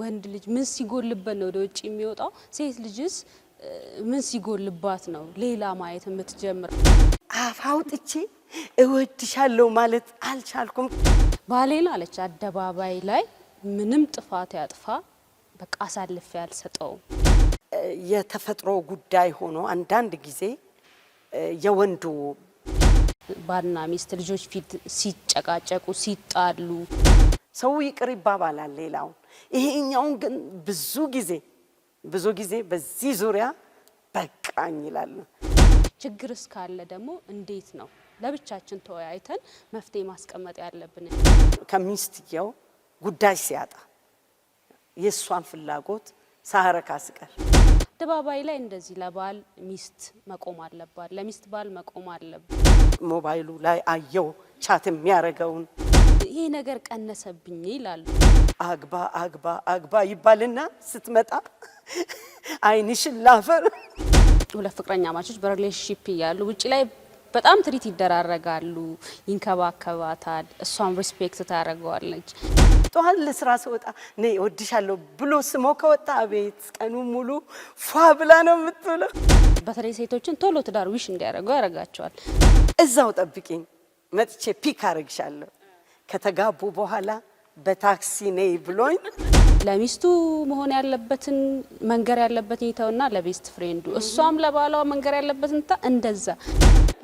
ወንድ ልጅ ምን ሲጎልበት ነው ወደ ውጭ የሚወጣው? ሴት ልጅስ ምን ሲጎልባት ነው ሌላ ማየት የምትጀምረው? አፍ አውጥቼ እወድሻለሁ ማለት አልቻልኩም። ባሌን አለች አደባባይ ላይ ምንም ጥፋት ያጥፋ በቃ አሳልፌ አልሰጠውም። የተፈጥሮ ጉዳይ ሆኖ አንዳንድ ጊዜ የወንዱ ባልና ሚስት ልጆች ፊት ሲጨቃጨቁ ሲጣሉ ሰው ይቅር ይባባላል። ሌላውን ይሄኛውን ግን ብዙ ጊዜ ብዙ ጊዜ በዚህ ዙሪያ በቃኝ ይላሉ። ችግር እስካለ ደግሞ እንዴት ነው ለብቻችን ተወያይተን መፍትሄ ማስቀመጥ ያለብን? ከሚስትየው ጉዳይ ሲያጣ የእሷን ፍላጎት ሳረካ ስቀር አደባባይ ላይ እንደዚህ ለባል ሚስት መቆም አለባት፣ ለሚስት ባል መቆም አለባት። ሞባይሉ ላይ አየው ቻት የሚያደርገውን ይሄ ነገር ቀነሰብኝ ይላሉ። አግባ አግባ አግባ ይባልና ስትመጣ አይንሽን ላፈር። ሁለት ፍቅረኛ ማቾች በሪሌሽንሺፕ እያሉ ውጭ ላይ በጣም ትሪት ይደራረጋሉ፣ ይንከባከባታል፣ እሷም ሪስፔክት ታደርገዋለች። ጠዋት ለስራ ስወጣ ነይ እወድሻለሁ ብሎ ስሞ ከወጣ አቤት ቀኑ ሙሉ ፏ ብላ ነው የምትውለው። በተለይ ሴቶችን ቶሎ ትዳር ዊሽ እንዲያደርጉ ያደርጋቸዋል። እዛው ጠብቂኝ መጥቼ ፒክ አረግሻለሁ። ከተጋቡ በኋላ በታክሲ ነይ ብሎኝ ለሚስቱ መሆን ያለበትን መንገር ያለበትን ይተውና ለቤስት ፍሬንዱ እሷም ለባሏ መንገር ያለበትን ታ እንደዛ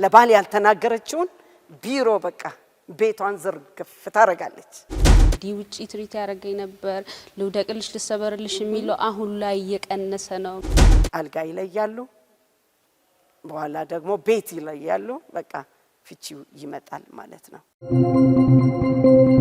ለባል ያልተናገረችውን ቢሮ በቃ ቤቷን ዝርግፍ ታደርጋለች። እንዲህ ውጪ ትሪት ያደረገኝ ነበር ልውደቅልሽ፣ ልሰበርልሽ የሚለው አሁን ላይ እየቀነሰ ነው። አልጋ ይለያሉ፣ በኋላ ደግሞ ቤት ይለያሉ። በቃ ፍቺው ይመጣል ማለት ነው።